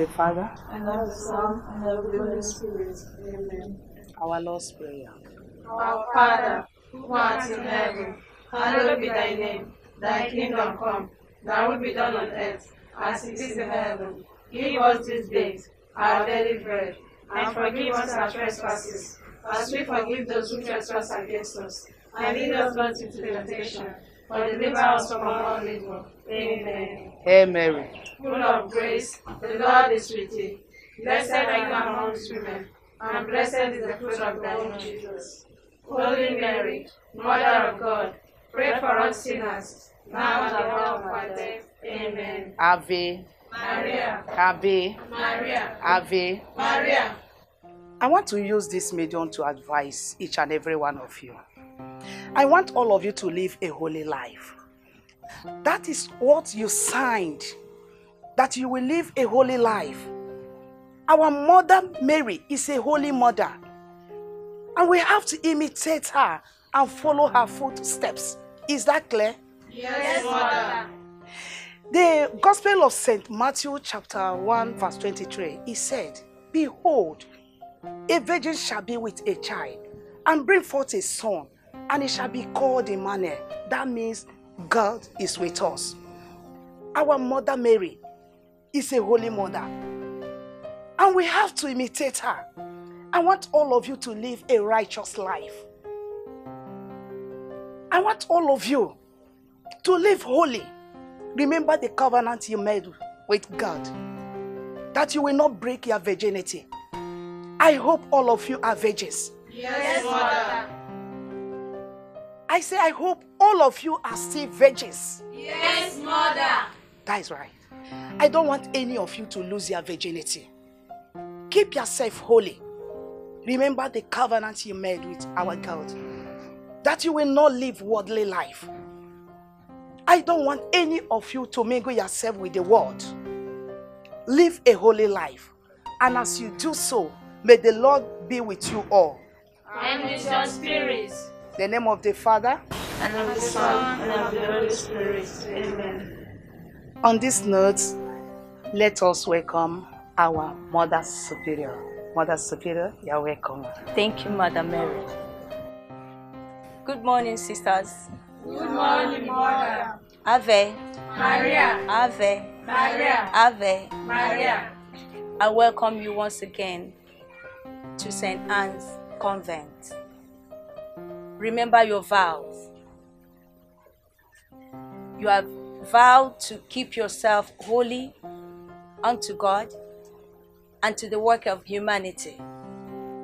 the Father, and of the Son, and of the Holy Spirit. Amen. Our Lord's Prayer. Our Father, who art in heaven, hallowed be thy name. Thy kingdom come, thy will be done on earth, as it is in heaven. Give us this day our daily bread, and forgive us our trespasses, as we forgive those who trespass against us. And lead us not into temptation but deliver us from all evil. Amen. Hail Mary. Full of grace, the Lord is with thee. Blessed are you amongst women, and blessed is the fruit of thy womb, Jesus. Holy Mary, Mother of God, pray for us sinners, now and at the hour of our death. Amen. Ave. Maria. Ave. Maria. Ave. Maria. I want to use this medium to advise each and every one of you. I want all of you to live a holy life. That is what you signed, that you will live a holy life. Our mother Mary is a holy mother, and we have to imitate her and follow her footsteps. Is that clear? Yes, mother. The Gospel of St. Matthew, chapter 1, verse 23, he said, Behold, a virgin shall be with a child and bring forth a son and it shall be called Emmanuel. That means God is with us. Our mother Mary is a holy mother. And we have to imitate her. I want all of you to live a righteous life. I want all of you to live holy. Remember the covenant you made with God that you will not break your virginity. I hope all of you are virgins. Yes, Mother. I say, I hope all of you are still virgins. Yes, mother. That is right. I don't want any of you to lose your virginity. Keep yourself holy. Remember the covenant you made with our God that you will not live worldly life. I don't want any of you to mingle yourself with the world. Live a holy life. And as you do so, may the Lord be with you all. And with your spirit the name of the Father, and of the Son, and of the Holy Spirit. Amen. On this note, let us welcome our Mother Superior. Mother Superior, you're welcome. Thank you, Mother Mary. Good morning, sisters. Good morning, Mother. Ave. Maria. Ave. Maria. Ave. Maria. I welcome you once again to St. Anne's Convent. Remember your vows. You have vowed to keep yourself holy unto God and to the work of humanity.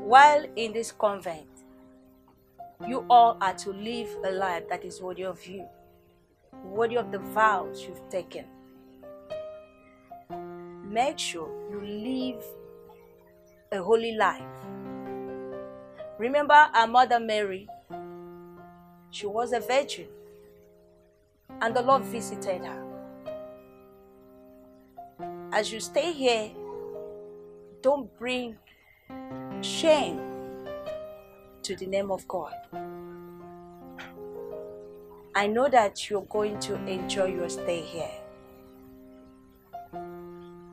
While in this convent, you all are to live a life that is worthy of you, worthy of the vows you've taken. Make sure you live a holy life. Remember our Mother Mary she was a virgin, and the Lord visited her. As you stay here, don't bring shame to the name of God. I know that you're going to enjoy your stay here.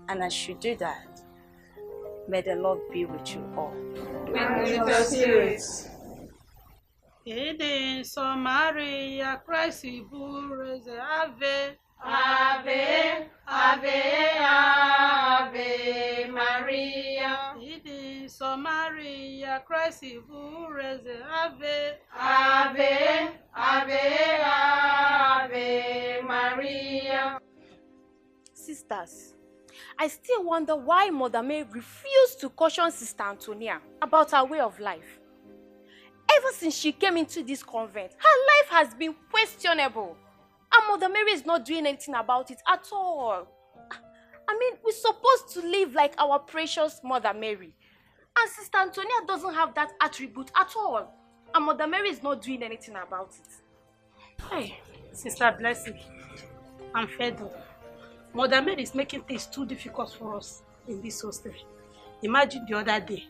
And as you do that, may the Lord be with you all. And with your spirits. Ịdị so Maria, Christ bụrụ eze ave. Ave, ave, ave Maria. Ịdị so Maria, Christ bụrụ eze ave. Ave, ave, ave Maria. Sisters, I still wonder why Mother May refused to caution Sister Antonia about her way of life. Ever since she came into this convent, her life has been questionable. And Mother Mary is not doing anything about it at all. I mean, we're supposed to live like our precious Mother Mary. And Sister Antonia doesn't have that attribute at all. And Mother Mary is not doing anything about it. Hey, Sister Blessing, I'm fed up. Mother Mary is making things too difficult for us in this hostel. Imagine the other day,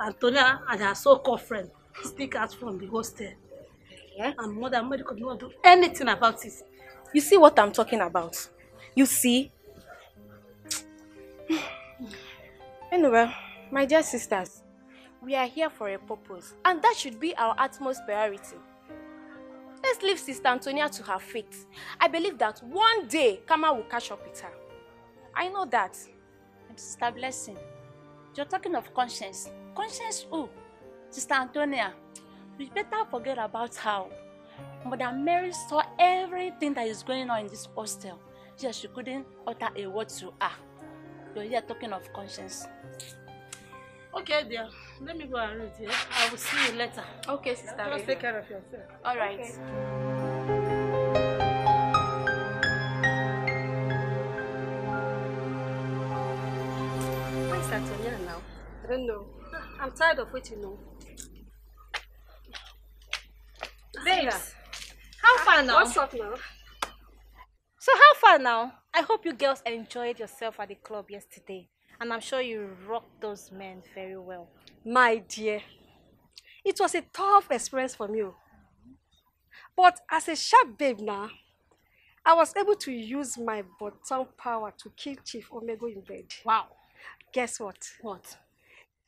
Antonia and her so-called friend sneak out from the hostel. Yeah. And Mother Mary could not do anything about it. You see what I'm talking about? You see? anyway, my dear sisters, we are here for a purpose and that should be our utmost priority. Let's leave Sister Antonia to her fate. I believe that one day Kama will catch up with her. I know that. And Sister Blessing, You're talking of conscience. Conscience who? Sister Antonia, We better forget about her. Mother Mary saw everything that is going on in this hostel. Yes, she couldn't utter a word to her. You're here talking of conscience. Okay, dear. Let me go and read it. I will see you later. Okay, sister. Just take care of yourself. All right. Okay. don't know. I'm tired of waiting. No. Babes, how far uh, now? What's up now? So how far now? I hope you girls enjoyed yourself at the club yesterday. And I'm sure you rocked those men very well. My dear, it was a tough experience for me. Oh. But as a sharp babe now, I was able to use my bottom power to kill Chief Omega in bed. Wow. Guess what? What?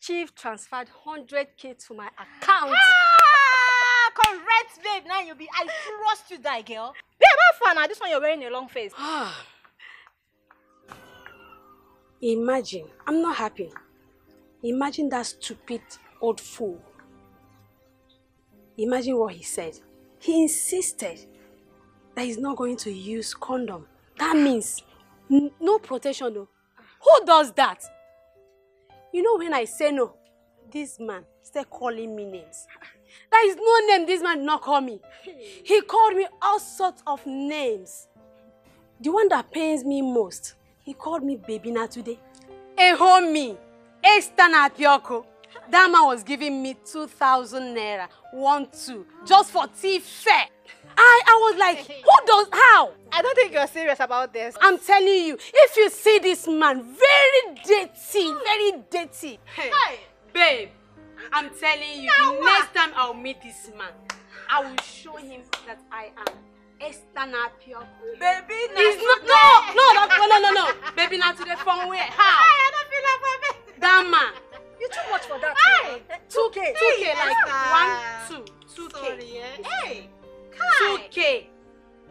chief transferred 100k to my account. Ah, correct, babe. Now you be. I trust you, that girl. Babe, how far now? This one you're wearing a long face. Imagine. I'm not happy. Imagine that stupid old fool. Imagine what he said. He insisted that he's not going to use condom. That means no protection though. Who does that? you know when i say no this man still calling me names there is no name this man not call me he called me all sorts of names the one that pains me most he called me baby now today ehomi estanapioku that man was giving me two thousand naira one two just for tea fair. E. I, I was like, who does, how? I don't think you're serious about this. I'm telling you, if you see this man, very dirty, very dirty. Hey, babe, I'm telling you, now the what? next time I'll meet this man, I will show him that I am external pure. Baby, now He's not, no, no, no, no, no, no. Baby, now to the phone where, how? I don't feel like my baby. That man. You too much for that. Hey, eh? Two k two k like uh, one, two, 2K. Sorry, eh? Hey. 2k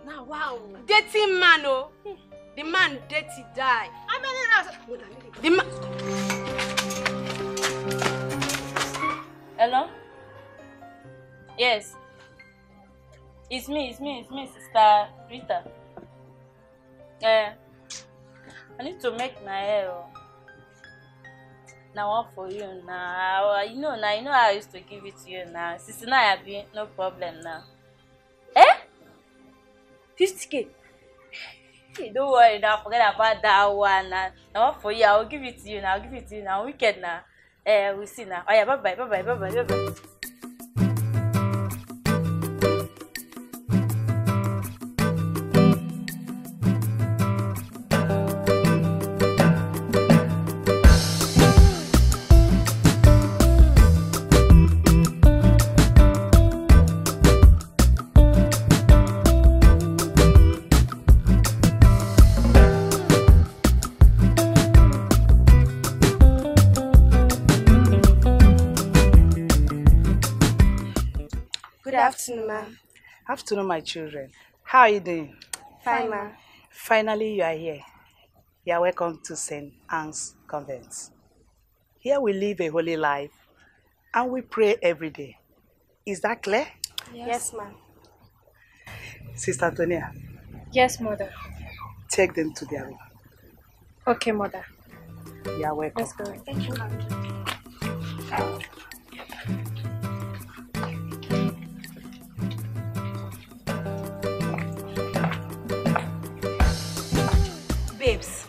na wow dating man o oh. Hmm. the man dirty die how many rounds the man hello yes it's me it's me it's me sister Rita eh uh, i need to make my hair o oh. na one for you now. you know now you know i used to give it to you na sixty nine abi no problem now. 50k. Hey, don't worry now, forget about that one. Now, now for you, I'll give it to you now, I'll give it to you now. Wicked now. uh, we'll see now. Oh yeah, bye bye, bye bye, bye bye, bye bye. Afternoon, ma'am. Afternoon, my children. How are you doing? Fine, ma'am. Finally, you are here. You are welcome to St. Anne's Convent. Here we live a holy life and we pray every day. Is that clear? Yes, yes ma'am. Sister Antonia. Yes, mother. Take them to their room. Okay, mother. You are welcome. Let's go. Thank you, ma'am. babes.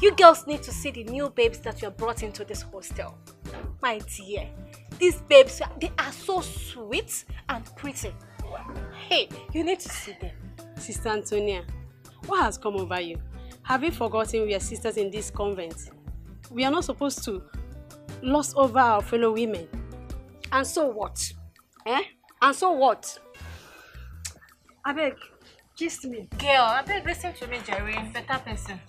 You girls need to see the new babes that you have brought into this hostel. My dear, these babes, they are so sweet and pretty. Hey, you need to see them. Sister Antonia, what has come over you? Have you forgotten we are sisters in this convent? We are not supposed to lust over our fellow women. And so what? Eh? And so what? I beg, Kiss me. Girl, I beg listen to me, Jerry. Better person.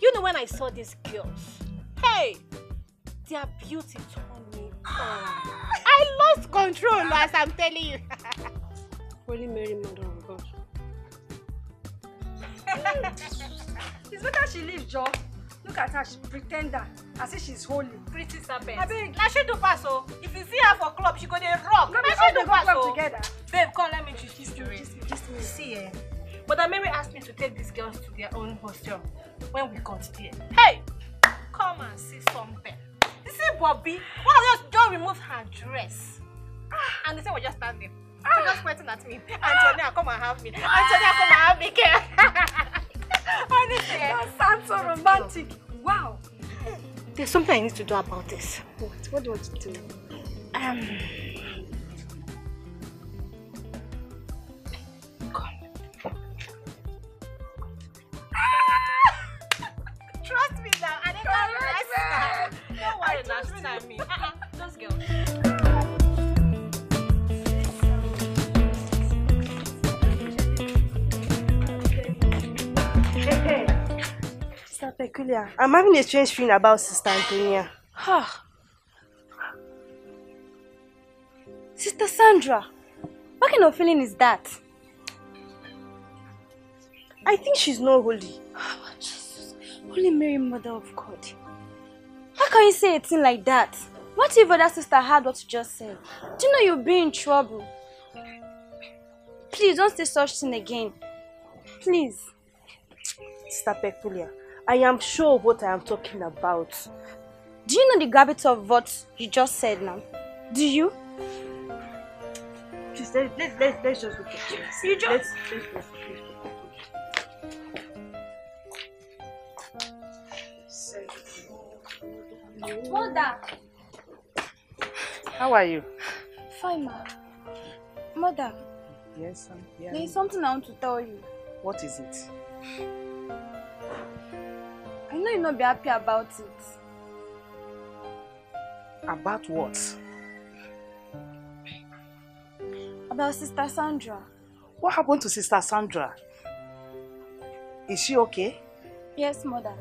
You know when I saw these girls? Hey! Their beauty turned me on. I lost control as I'm telling you. Holy Mary, Mother of God. It's better she leaves, Joe. Look at her, she's pretender, I say she's holy. Pretty serpent. I beg. Now she do pass, oh. If you see her for club, she go dey rock. No, she do pass, oh. together. Babe, come let me introduce you. Just, just me. See, eh? But Mary asked me to take these girls to their own hostel when we got there. Hey! Come and see something. You see, Bobby? of just, just remove her dress. Ah! And the same was just standing. Ah! just pointing at me. Antonia, ah! come and have me. Antonia, come and have me, girl. Honestly, eh? that sounds so romantic. Wow. There's something I need to do about this. What? What do you want to do? Um. I'm having a strange feeling about Sister Antonia. Huh. Sister Sandra, what kind of feeling is that? I think she's not holy. Oh, Jesus. Holy Mary, Mother of God. How can you say a thing like that? What if other sister heard what you just said? Do you know you'll be in trouble? Please don't say such thing again. Please. Sister Peculia, I am sure of what I am talking about. Do you know the gravity of what you just said now? Do you? Please, let, let, let, let's just look at this. You just... Let's, let's, let's, let's. Mother! How are you? Fine, ma. Mother. Yes, son. am There is something I want to tell you. What is it? know you not be happy about it. About what? About Sister Sandra. What happened to Sister Sandra? Is she okay? Yes, Mother.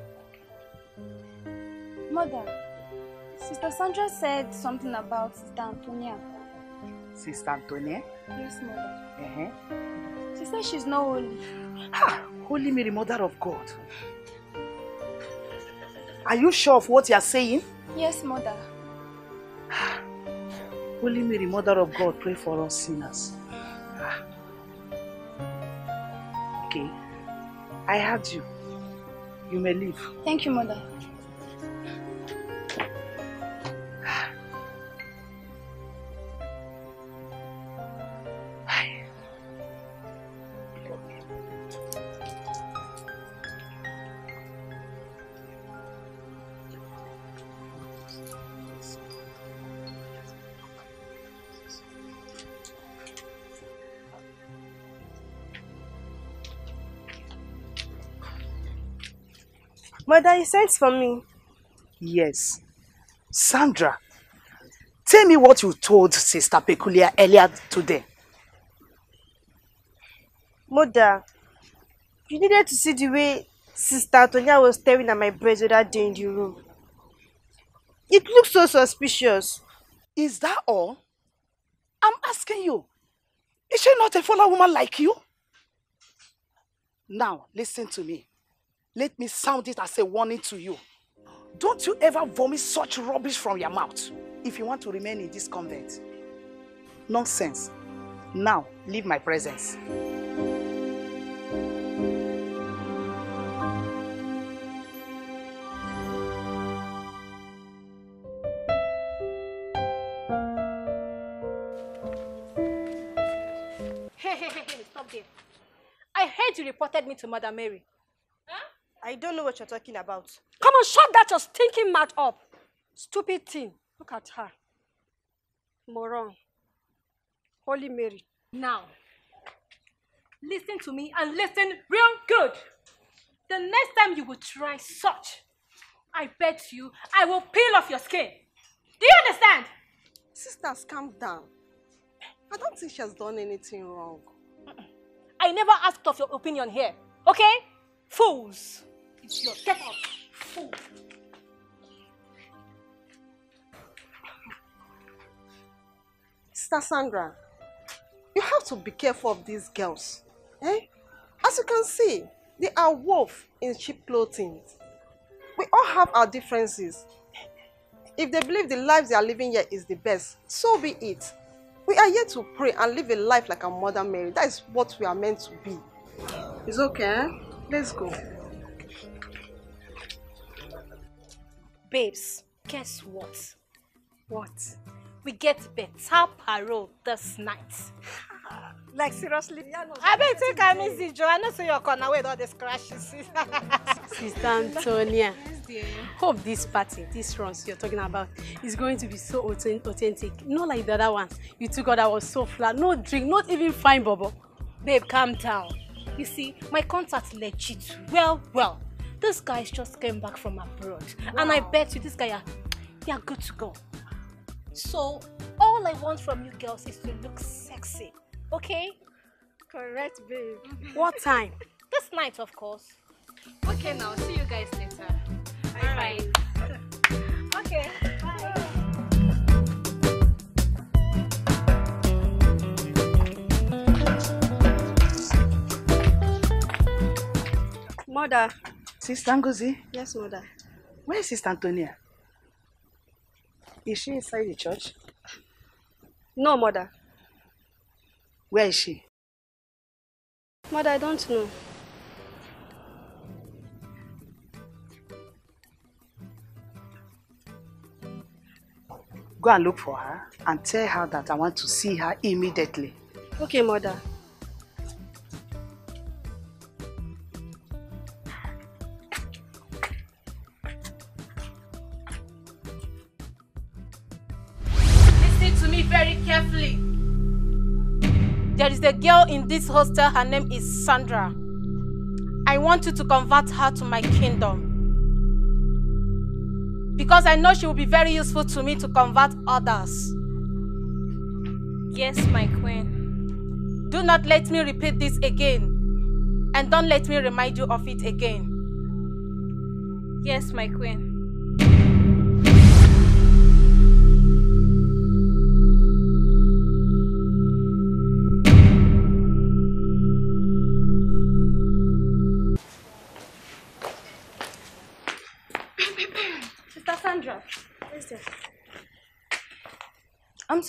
Mother, Sister Sandra said something about Sister Antonia. Sister Antonia? Yes, Mother. Uh -huh. She said she's not holy. Ha! Holy Mary, Mother of God. Are you sure of what you are saying? Yes, mother. Holy Mary, mother of God, pray for us sinners. Ah. Okay. I heard you. You may leave. Thank you, mother. Mother, that you sent for me. Yes. Sandra, tell me what you told Sister Peculiar earlier today. Mother, you needed to see the way Sister Tonya was staring at my breast that day in the room. It looked so suspicious. Is that all? I'm asking you. Is she not a fallen woman like you? Now, listen to me. Let me sound it as a warning to you. Don't you ever vomit such rubbish from your mouth if you want to remain in this convent. Nonsense. Now, leave my presence. Hey, hey, hey, stop there. I heard you reported me to Mother Mary. I don't know what you're talking about. Come on, shut that your stinking mouth up. Stupid thing. Look at her. Moron. Holy Mary. Now, listen to me and listen real good. The next time you will try such, I bet you I will peel off your skin. Do you understand? Sisters, calm down. I don't think she has done anything wrong. I never asked of your opinion here, okay? Fools! It's your get out, fool. Sister Sandra, you have to be careful of these girls. Eh? As you can see, they are wolf in cheap clothing. We all have our differences. If they believe the lives they are living here is the best, so be it. We are here to pray and live a life like our mother Mary. That is what we are meant to be. It's okay. Eh? Let's go. Babes, guess what? What? We get better parole this night. like seriously Liano, i beg take am easy joe i know say your corner wey all the scratches. sister antonia hope this party this runs you're talking about is going to be so authentic no like the other ones. you took out that was so flat no drink not even fine bubble. babe calm down you see my contact legit well well This guy's just came back from abroad. Wow. And I bet you this guy, you're good to go. So, all I want from you girls is to look sexy. Okay? Correct, babe. what time? this night, of course. Okay, now. See you guys later. Alright. okay. Bye. Mother, Sister Ngozi? Yes, mother. Where is Sister Antonia? Is she inside the church? No, mother. Where is she? Mother, I don't know. Go and look for her and tell her that I want to see her immediately. Okay, mother. in this hostel. Her name is Sandra. I want you to convert her to my kingdom. Because I know she will be very useful to me to convert others. Yes, my queen. Do not let me repeat this again. And don't let me remind you of it again. Yes, my queen.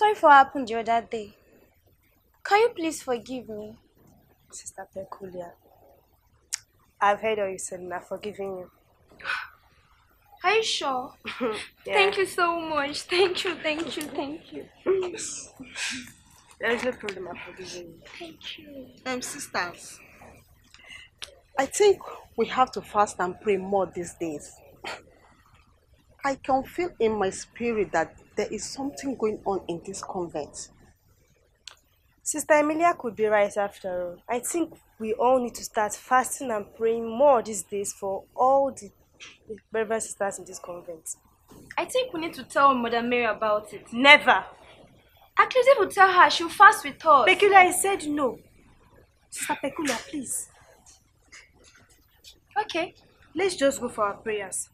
sorry for what happened the other day. Can you please forgive me? Sister Peculia, I've heard all you, and i am forgiving you. Are you sure? yeah. Thank you so much. Thank you, thank you, thank you. there is no problem, I'm forgiving you. Thank you. Um, sisters, I think we have to fast and pray more these days. I can feel in my spirit that there is something going on in this convent. Sister Emilia could be right after all. I think we all need to start fasting and praying more these days for all the and sisters in this convent. I think we need to tell Mother Mary about it. Never. At least if we tell her, she'll fast with us. Peculiar, I said no. Sister Peculiar, please. Okay. Let's just go for our prayers.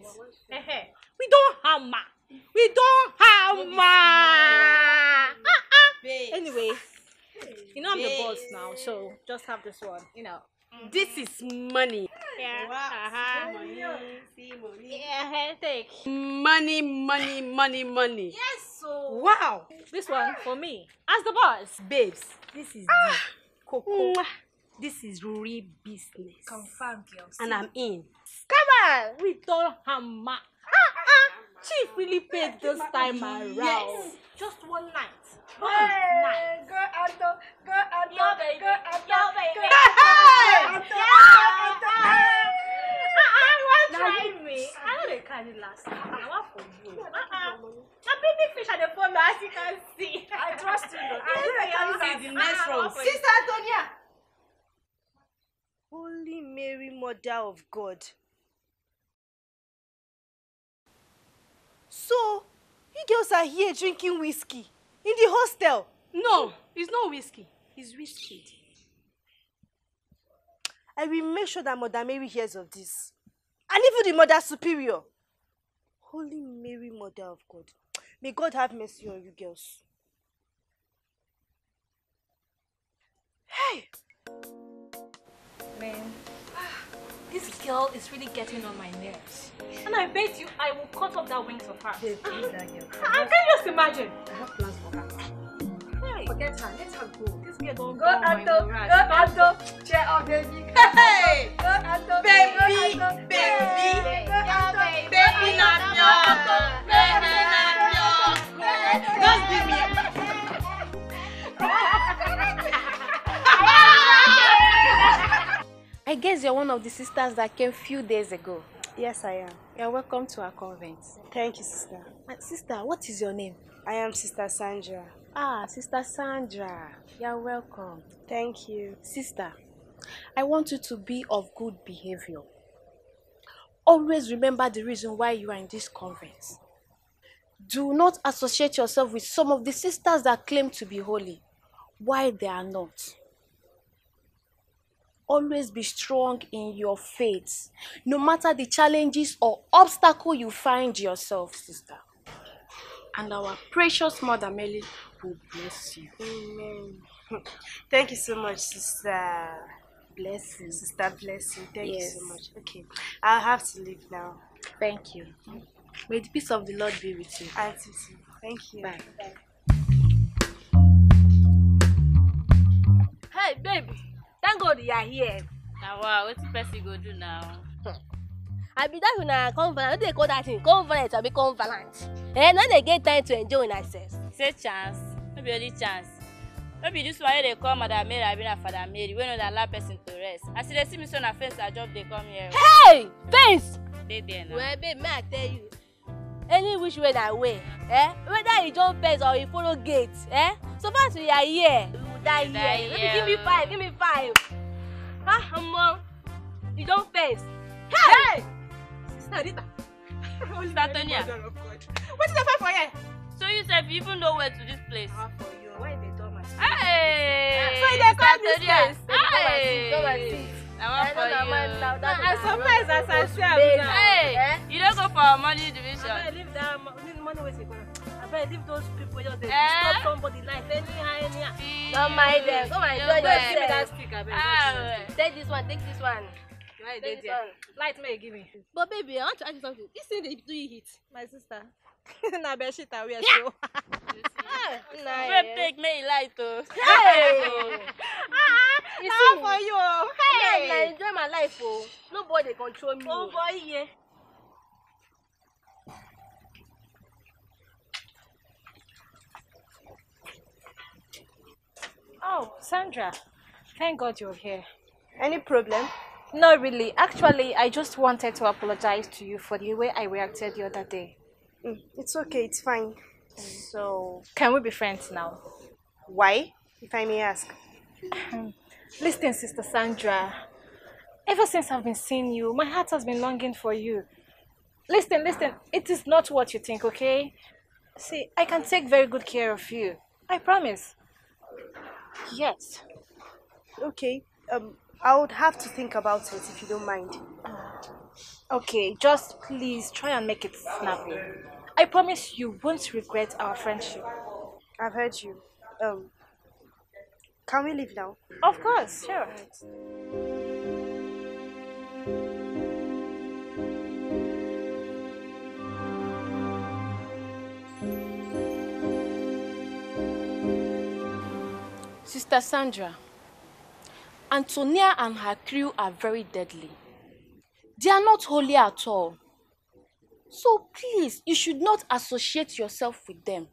it. we have ma. We have ma. Uh-uh. Anyway, you know I'm the boss now, so just have this one. You know, mm-hmm. this is money. Yeah. Uh-huh. Money, money. Yeah, take. Money, money, money, money. Yes. So. Wow. This one for me. As the boss, babes. This is ah. Coco. Mwah. This is real business. Confirm, girls. And I'm in. Come on! We don't hammer. Ah, uh-uh. ah. Chief really paid this time around. Yes. Just one night. One hey, night. Go Anto, go Anto, Yo, baby. go Anto, Yo, baby. go Anto, go Anto, go uh-uh, Anto. Try me. I don't they carry last. I want for you. Uh-uh. Now baby fish are the phone as you can see. I trust you. Though. I know they carry the next round. Sister Antonia. Holy Mary, Mother of God. So, you girls are here drinking whiskey in the hostel. No, it's not whiskey. It's whiskey. I will make sure that Mother Mary hears of this. And even the Mother Superior. Holy Mary, Mother of God. May God have mercy on you girls. Hey! Man. This girl is really getting on my nerves. And I bet you I will cut off that wings of hers. Babe, I, can just imagine. I have plans for her. Hey. Forget her. Let her go. This girl don't go. Go, Anto. Go, Anto. Cheer up, baby. Hey! Go, Anto. Baby. Baby. Baby. Baby. Baby. Baby. Baby. Baby. Baby. I guess you're one of the sisters that came few days ago. Yes, I am. You're welcome to our convent. Thank you, sister. Uh, sister, what is your name? I am Sister Sandra. Ah, Sister Sandra. You're welcome. Thank you. Sister, I want you to be of good behavior. Always remember the reason why you are in this convent. Do not associate yourself with some of the sisters that claim to be holy, why they are not always be strong in your faith no matter the challenges or obstacle you find yourself sister and our precious mother Mary will bless you amen thank you so much sister bless you sister bless you thank yes. you so much okay i'll have to leave now thank you may the peace of the lord be with you I you thank you bye, bye. hey baby thank god you are here. na wa wetin person go do now. Hmm. i be that una convalent no dey call that thing convalent abi convalent eh no dey get time to enjoy una sef. say chance no be only chance no be dis one wey dey call madam mary abi na fada mary wey no dey allow person to rest as you dey see me so na fence i just dey come here. hey fence. dey there now. well babe may i tell you any which way na way eh whether you jump fence or you follow gate eh so far as we are here that year. Let me give me five. Give me five. Ah, Omo, you don't face. Hey! hey! Sister Rita. Sister Tonia. What is the five for here? So you said you even know where to this place. Ah, for you. Why they don't my Hey! So they call this place. Hey! I want for you. Ah, I'm surprised as I see am Hey! Eh? You don't go for money division. I leave that money, money waste abeg if those people just dey eh? disturb somebody life anyhow anyhow don mind them go and enjoy yourself give me that stick abeg just take this one take this one light may give me. but baby i want to ask you something this thing dey do you hit my sister na bedsheet We are so. wey fake may light. e light o. na for you oh? Hey. i enjoy my life o oh. nobody dey control me o. Oh. boy Yeah. Oh, Sandra, thank God you're here. Any problem? No, really. Actually, I just wanted to apologize to you for the way I reacted the other day. Mm, it's okay, it's fine. So, can we be friends now? Why, if I may ask? Listen, Sister Sandra. Ever since I've been seeing you, my heart has been longing for you. Listen, listen, it is not what you think, okay? See, I can take very good care of you. I promise. Yes. Okay. Um, I would have to think about it if you don't mind. Okay, just please try and make it snappy. I promise you won't regret our friendship. I've heard you. Um, can we leave now? Of course, sure. Sister Sandra, Antonia and her crew are very deadly. They are not holy at all. So please, you should not associate yourself with them.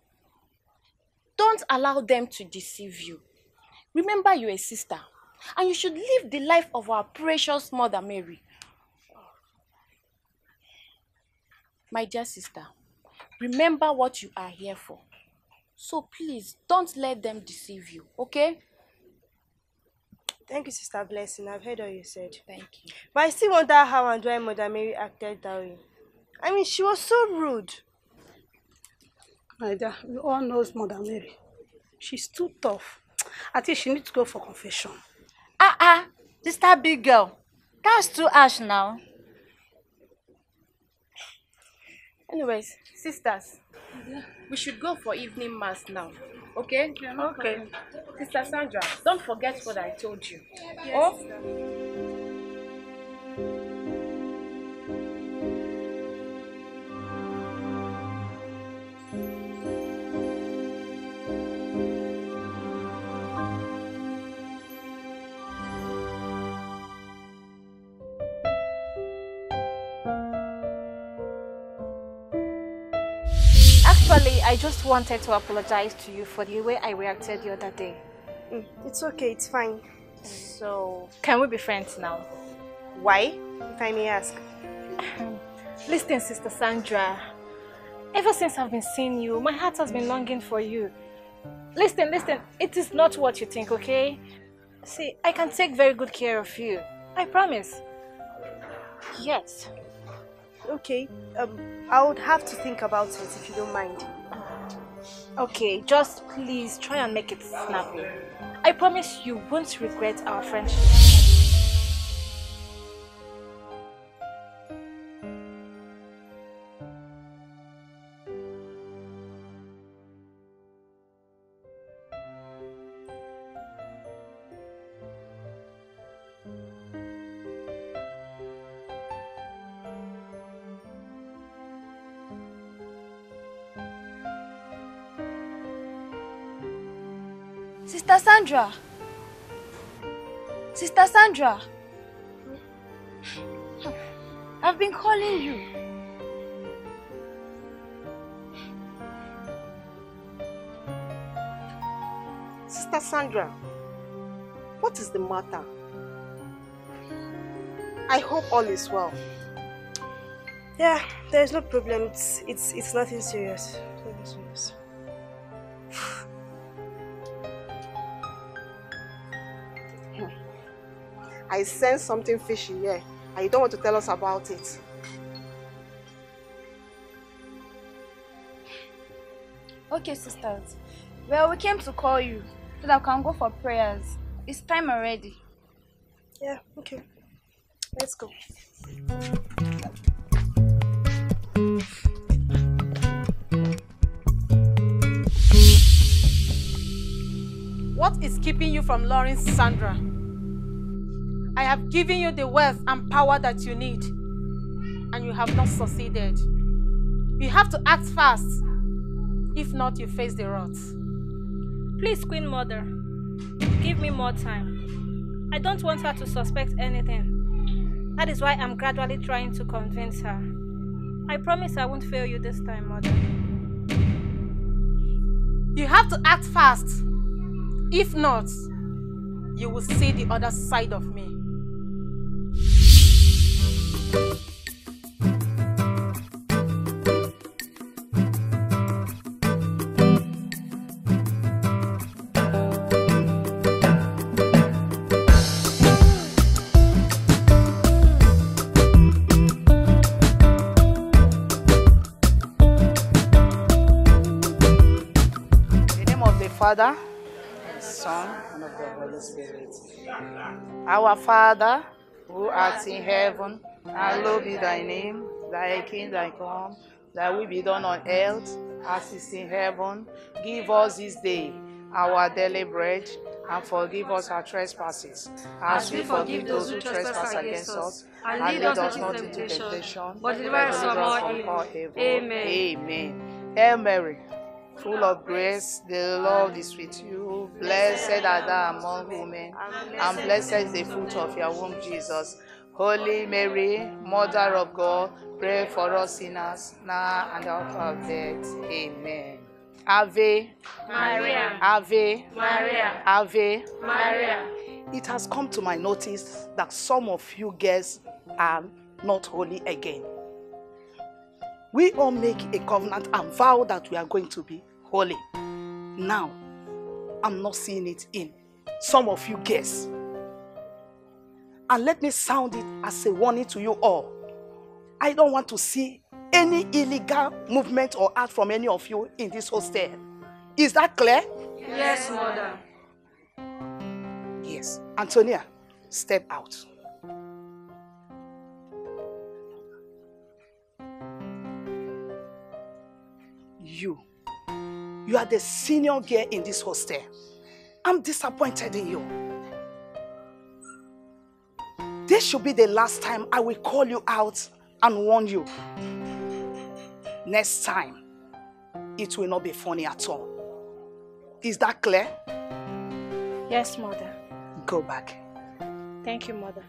Don't allow them to deceive you. Remember, you're a sister, and you should live the life of our precious Mother Mary. My dear sister, remember what you are here for. So please don't let them deceive you, okay? Thank you, Sister Blessing. I've heard all you said. Thank you. But I still wonder how and why Mother Mary acted that way. I mean, she was so rude. My we all know Mother Mary. She's too tough. I think she needs to go for confession. Ah uh ah, -uh, Sister Big Girl, that's too harsh now. Anyways, sisters. Yeah we should go for evening mass now. Okay? okay. Sister Sandra, don't forget what I told you. Yes, oh? I just wanted to apologize to you for the way I reacted the other day. Mm, it's okay, it's fine. So, can we be friends now? Why, if I may ask? Listen, Sister Sandra. Ever since I've been seeing you, my heart has been longing for you. Listen, listen, it is not what you think, okay? See, I can take very good care of you. I promise. Yes. Okay, um, I would have to think about it if you don't mind. Okay, just please try and make it snappy. I promise you won't regret our friendship. Sandra! Sister Sandra! I've been calling you. Sister Sandra, what is the matter? I hope all is well. Yeah, there's no problem. It's, it's, it's nothing serious. I sense something fishy here, and you don't want to tell us about it. Okay, sisters. Well, we came to call you so that we can go for prayers. It's time already. Yeah, okay. Let's go. What is keeping you from Lawrence Sandra? I have given you the wealth and power that you need, and you have not succeeded. You have to act fast. If not, you face the wrath. Please, Queen Mother, give me more time. I don't want her to suspect anything. That is why I'm gradually trying to convince her. I promise I won't fail you this time, Mother. You have to act fast. If not, you will see the other side of me. Father, Son, and of the Holy Spirit. Our Father, who art in heaven, hallowed be thy name. Thy kingdom come, thy will be done on earth as it is in heaven. Give us this day our daily bread, and forgive us our trespasses, as we forgive those who trespass against us. And lead us not into temptation, but deliver us from all evil. Amen. Amen. Hail Mary full of grace, the Lord is with you. Blessed are thou among women, and blessed is the fruit of your womb, Jesus. Holy Mary, Mother of God, pray for us sinners, now and at of death. Amen. Ave Maria. Ave Maria. Ave Maria. It has come to my notice that some of you girls are not holy again we all make a covenant and vow that we are going to be holy. Now, I'm not seeing it in. Some of you guess. And let me sound it as a warning to you all. I don't want to see any illegal movement or act from any of you in this hostel. Is that clear? Yes, yes mother. Yes. Antonia, step out. you. You are the senior girl in this hostel. I'm disappointed in you. This should be the last time I will call you out and warn you. Next time, it will not be funny at all. Is that clear? Yes, mother. Go back. Thank you, mother.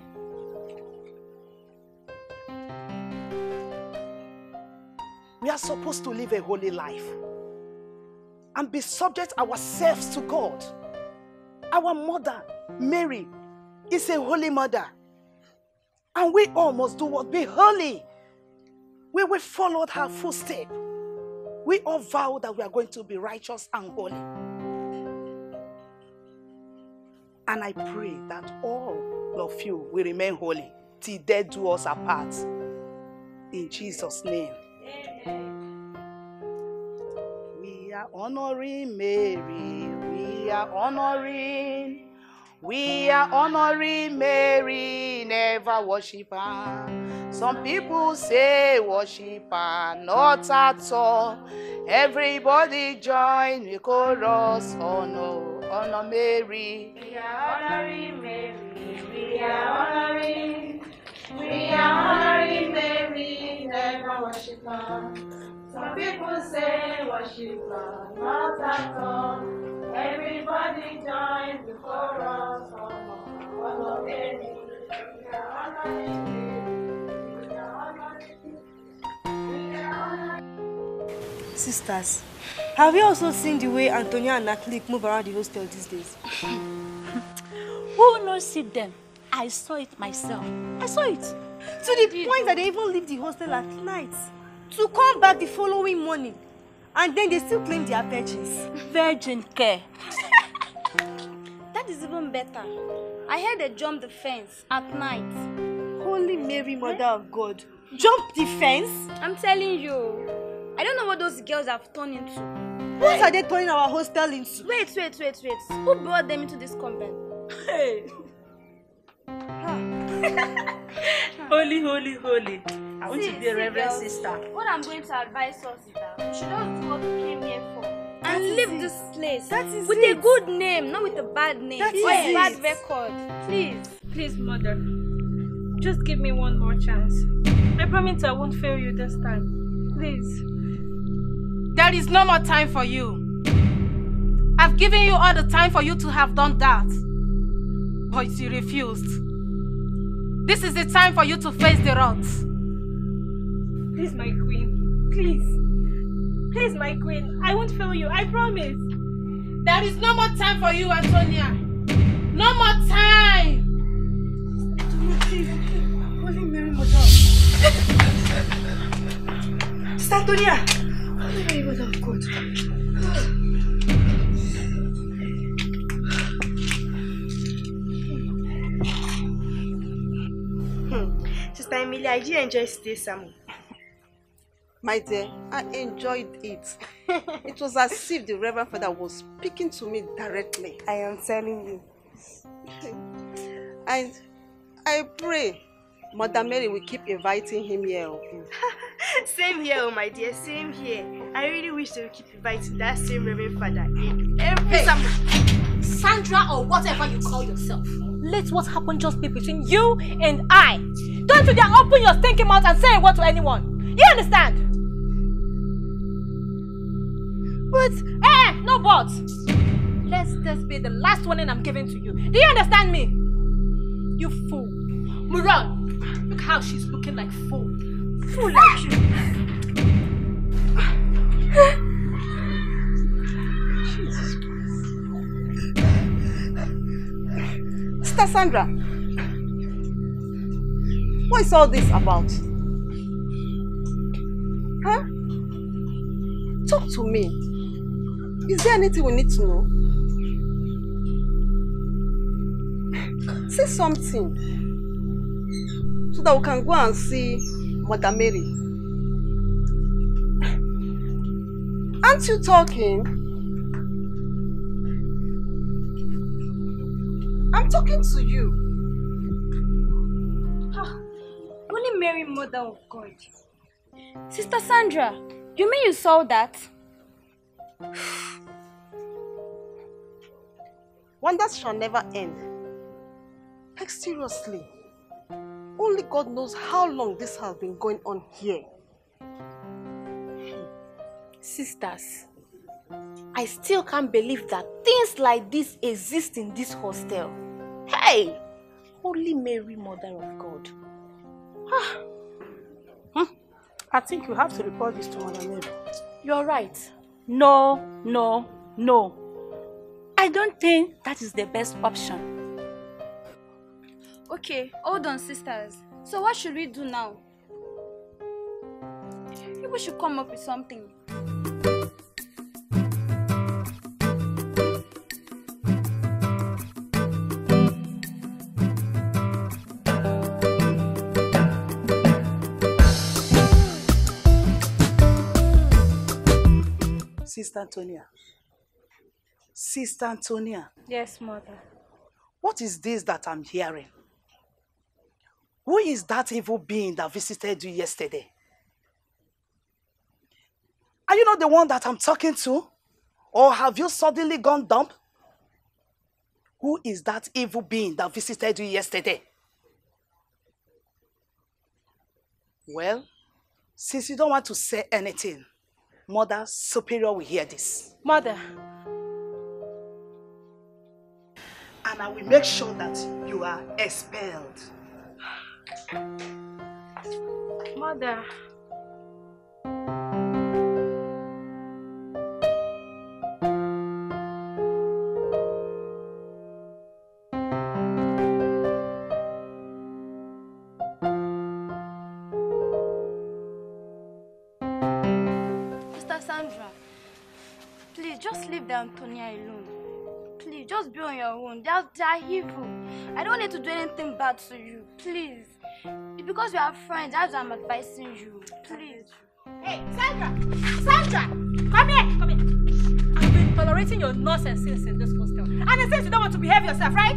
We are supposed to live a holy life and be subject ourselves to God. Our mother, Mary, is a holy mother. And we all must do what? Be holy. We will follow her footstep. We all vow that we are going to be righteous and holy. And I pray that all of you will remain holy till death do us apart. In Jesus' name. We are honoring Mary. We are honoring. We are honoring Mary, never worship her. Some people say worship her, not at all. Everybody join the chorus, honor, honor Mary. We are honoring Mary, we are honoring, we are honoring Mary. Sisters, have you also seen the way Antonia and Natalie move around the hostel these days? Who knows it? see them? I saw it myself. I saw it. To the point that they even leave the hostel at night to come back the following morning. And then they still claim they are virgins. Virgin care. that is even better. I heard they jump the fence at night. Holy Mary, eh? Mother of God. Jump the fence? I'm telling you. I don't know what those girls have turned into. What are they turning our hostel into? Wait, wait, wait, wait. Who brought them into this convent? Hey. holy, holy, holy. I want you to be a reverend sister. What I'm going to advise us is that we should not do what we came here for. And leave this place that is with it. a good name, not with a bad name that or a bad record. Please, please, mother, just give me one more chance. I promise I won't fail you this time. Please. There is no more time for you. I've given you all the time for you to have done that. But you refused. This is the time for you to face the rods. Please, my queen. Please. Please, my queen. I won't fail you. I promise. There is no more time for you, Antonia. No more time. Holy Mary, Mother. Sister Antonia. Holy Mary, Mother of God. Sister I did enjoy My dear, I enjoyed it. it was as if the Reverend Father was speaking to me directly. I am telling you. And I pray Mother Mary will keep inviting him here. same here, oh, my dear, same here. I really wish they would keep inviting that same Reverend Father in every hey. Summer. Sandra or whatever you call yourself. Let what happened just be between you and I can't open your stinking mouth and say a word to anyone? You understand? But... Eh, no but. Let's just be the last warning I'm giving to you. Do you understand me? You fool. Muran, look how she's looking like fool. Fool like you. Jesus Christ. Sister Sandra. What is all this about? Huh? Talk to me. Is there anything we need to know? Say something so that we can go and see Mother Mary. Aren't you talking? I'm talking to you. Mary, Mother of God. Sister Sandra, you mean you saw that? Wonders shall never end. Like seriously, only God knows how long this has been going on here. Sisters, I still can't believe that things like this exist in this hostel. Hey! Holy Mary, Mother of God. Hmm. I think you have to report this to Madam Mary. You're right. No, no, no. I don't think that is the best option. Okay, hold on, sisters. So what should we do now? People should come up with something. Sister Antonia. Sister Antonia. Yes, mother. What is this that I'm hearing? Who is that evil being that visited you yesterday? Are you not the one that I'm talking to? Or have you suddenly gone dumb? Who is that evil being that visited you yesterday? Well, since you don't want to say anything, Mother Superior will hear this. Mother. And I will make sure that you are expelled. Mother. Antonia alone. Please, just be on your own. They're, they're evil. I don't need to do anything bad to you. Please. It's because we are friends. That's why I'm advising you. Please. Hey, Sandra! Sandra! Come here! Come here! I've been tolerating your nonsense since in this hostel. And it says you don't want to behave yourself, right?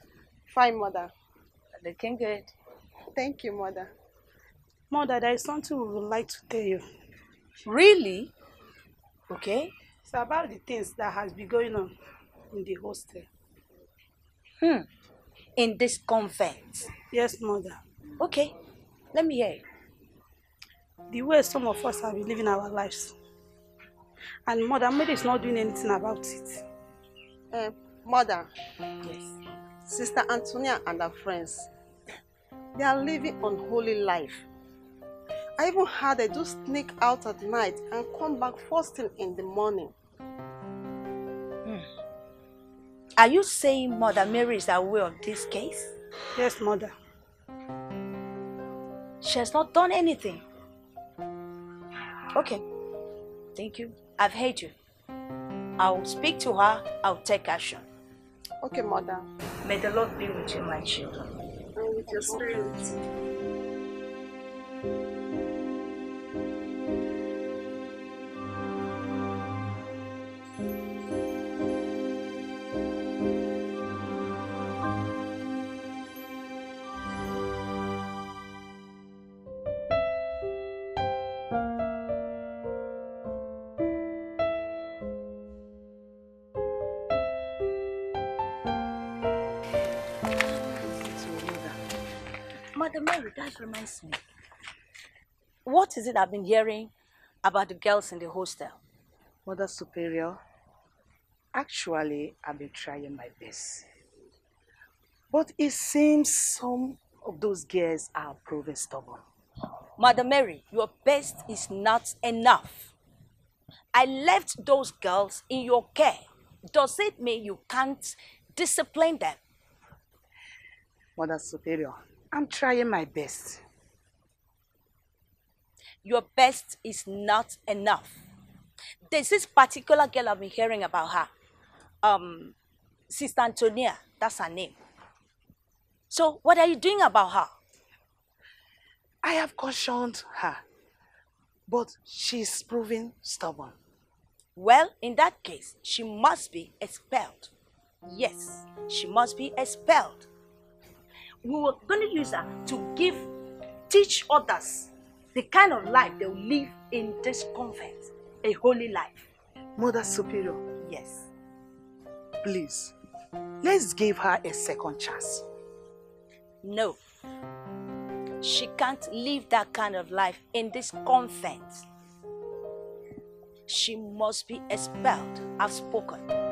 Fine, Mother. Looking good. Thank you, Mother. Mother, there is something we would like to tell you. Really? Okay. It's about the things that has been going on in the hostel. Hmm. In this convent? Yes, Mother. Okay. Let me hear it. The way some of us have been living our lives. And Mother, Mother is not doing anything about it. Eh, mother. Yes. Sister Antonia and her friends, they are living unholy life. I even heard they do sneak out at night and come back fasting in the morning. Hmm. Are you saying Mother Mary is aware of this case? Yes, Mother. She has not done anything. Okay. Thank you. I've heard you. I'll speak to her. I'll take action. Okay, Mother. May the Lord be with you, my children. And with your spirit. reminds me. What is it I've been hearing about the girls in the hostel? Mother Superior, actually, I've been trying my best. But it seems some of those girls are proven stubborn. Mother Mary, your best is not enough. I left those girls in your care. Does it mean you can't discipline them? Mother Superior, I'm trying my best. Your best is not enough. There's this particular girl I've been hearing about her. Um, Sister Antonia, that's her name. So what are you doing about her? I have cautioned her, but she's proving stubborn. Well, in that case, she must be expelled. Yes, she must be expelled we were going to use her to give, teach others the kind of life they will live in this convent, a holy life. Mother Superior. Yes. Please, let's give her a second chance. No. She can't live that kind of life in this convent. She must be expelled. I've spoken.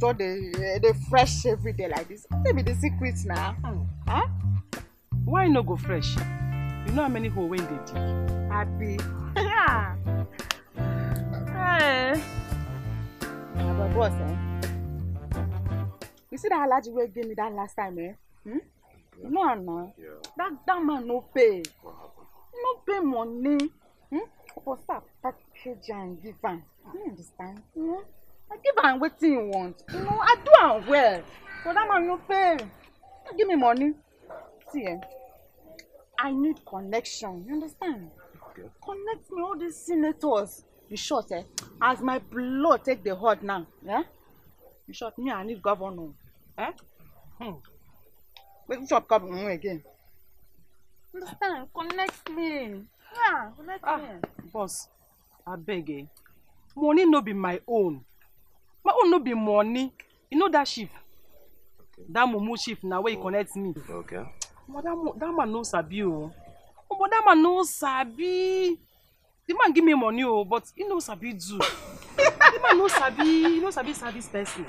marriage don dey uh, dey fresh every day like this no be the secret na. Hmm. Huh? why no go fresh you know how many hole wey dey dig. abi. Eh. na but boss eh? you see that alhaji wey give me that last time eh? hmm? yeah. no no that that man no pay no pay money hmm? for start package and give am you understand. Hmm? I give am wetin he want. You know, I do am well. But that man no pay. No give me money. See, eh? I need connection. You understand? Okay. Connect me all these senators. In short, eh? As my blood take the hot now, yeah? In short, me, I need governor. Eh? Hmm. Wait, shop governor again. Understand? Connect me. Yeah, connect ah, me. Boss, I beg eh? Money no be my own my own no be money you know that chief okay. that mumu chief now where he connects me okay. But that, that man no sabi Oh, but that man knows sabi the man give me money oh, but he knows sabi too. the man knows sabi he no sabi service person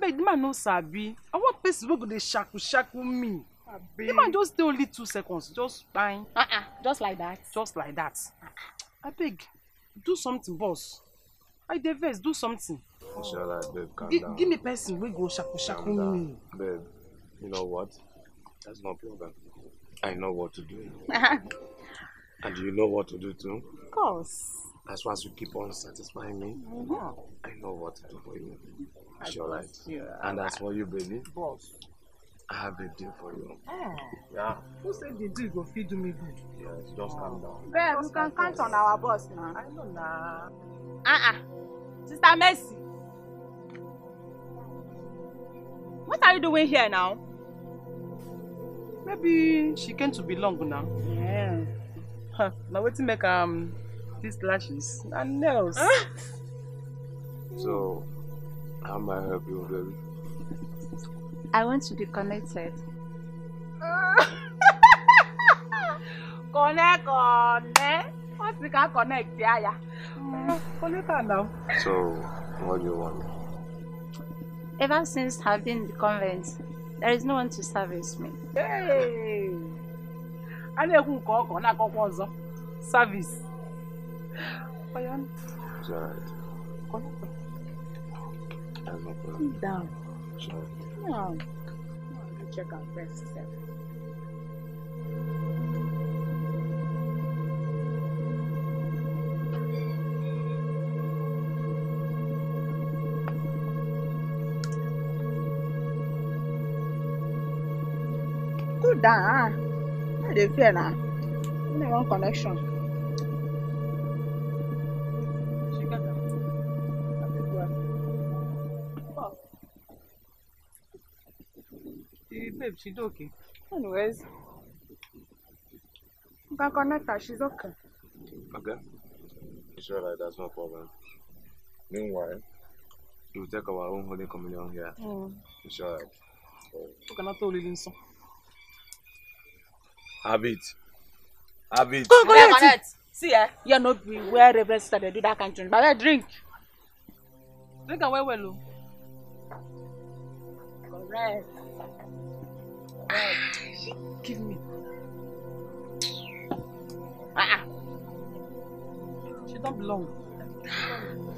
beg, the man knows sabi i want person wey they dey shaku shaku me the man just stay only two seconds just fine. Uh -uh, just like that. just like that I beg, do something boss i dey vex do something. It's all babe. Calm G- down. Give me person. We go shaku shaku me. Babe, you know what? That's no problem. I know what to do. and you know what to do too? Of course. As long as you keep on satisfying me, mm-hmm. I know what to do for you. It's all right. You. And as for you, baby. Boss. I have a deal for you. Oh. Yeah. Who said the deal go fit do me good? Yes, just calm down. Babe, we can count on our boss now. I know now. Nah. Uh-uh. Sister Mercy. What are you doing here now? Maybe she came to belong now. Yeah. Huh, now what to make um these lashes and nails. so, how may I help you, baby? I want to be connected. connect, connect. What's the connect? Yeah, yeah. Mm, connect now. So, what do you want? Ever since I've been in the convent, there is no one to service me. Hey! A na-ekwu nke ọkọ n'akụkọ ọzọ. Service. Oyan. It's all right. That's no problem. Sit down. It's all right. No. Check out first. Self. good down ah no dey fear na only one connection. She, babe, she do okay. Anyways, you can connect her. She's okay. Okay. It's sure right. That's no problem. Meanwhile, we'll take our own holy communion here. Mm. sure. all right. Okay, not totally insane. Have it. Have it. Go, go, go. Connect. See, eh? You're not be where Reverend Sister they do that kind of thing. But I drink. Drink and well, well. Oh. Correct. Correct. Give me. Ah. She don't belong. She don't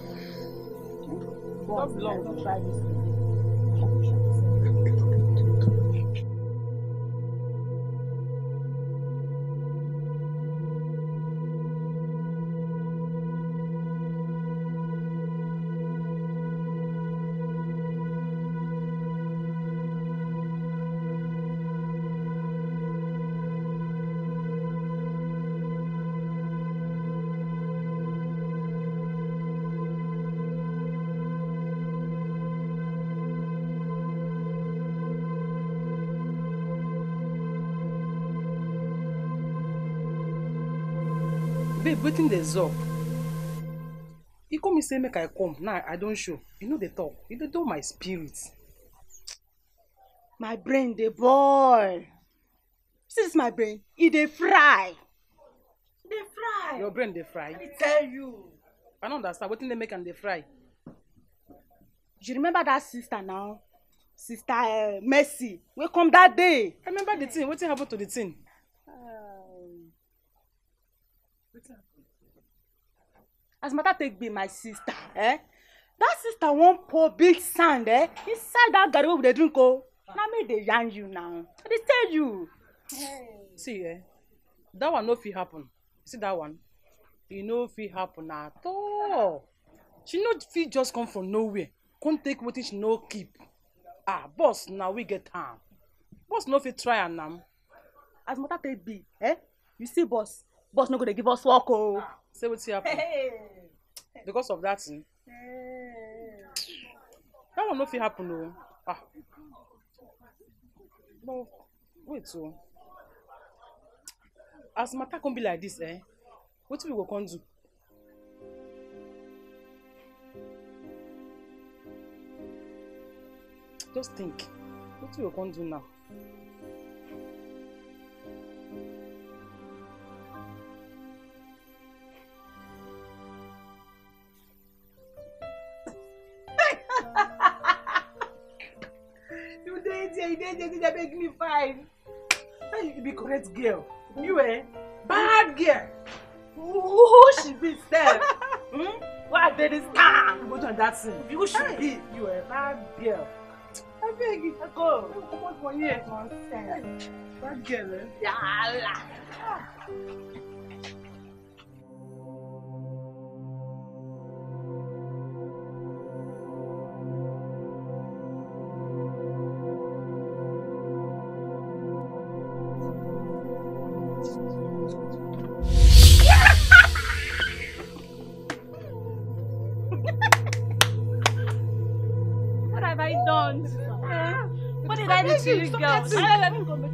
belong. She don't belong. She don't belong. wetin dey sup e call me say make i come now i don show e no dey talk e dey dull my spirit my brain dey boil see this my brain e dey fry e dey fry your brain dey fry I tell you i no understand wetin dey make am dey fry you remember that sister now sister uh, mercy wey come that day i remember the thing wetin happen to the thing um, as matter take be my sister eh that sister wan pour big sand eh inside that garri wey we dey drink o oh, na me dey yarn you now i dey tell you. see eh that one no fit happen see that one e no fit happen at all she no fit just come from nowhere come take wetin she no keep ah boss na we get am boss no fit try am now. as matter take be eh you see boss boss no go dey give us work o. Oh. Ah, say wetin happen because of that thing eh? mm. that one no fit happen o oh. ah no wait o oh. as matter come be like this eh wetin we go come do. just think wetin we go come do now. Daddy, they make me fine. Now you be correct girl. You eh? Bad girl. Who she be sef? Hmm? Why dey this car? You go join that scene. Who she hey. be? You eh? Bad girl. I beg you. I go. Come out for here. Bad girl eh? Yalla. Ah.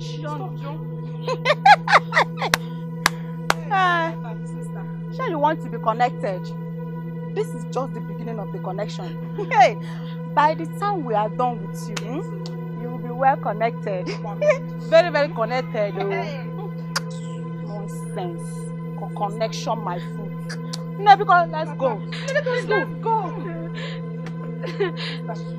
Sure, you want to be connected. This is just the beginning of the connection. Hey, by the time we are done with you, hmm, you will be well connected. very, very connected. Oh. Nonsense. Co connection, my food. No, because let's go. Let's go. Let's go.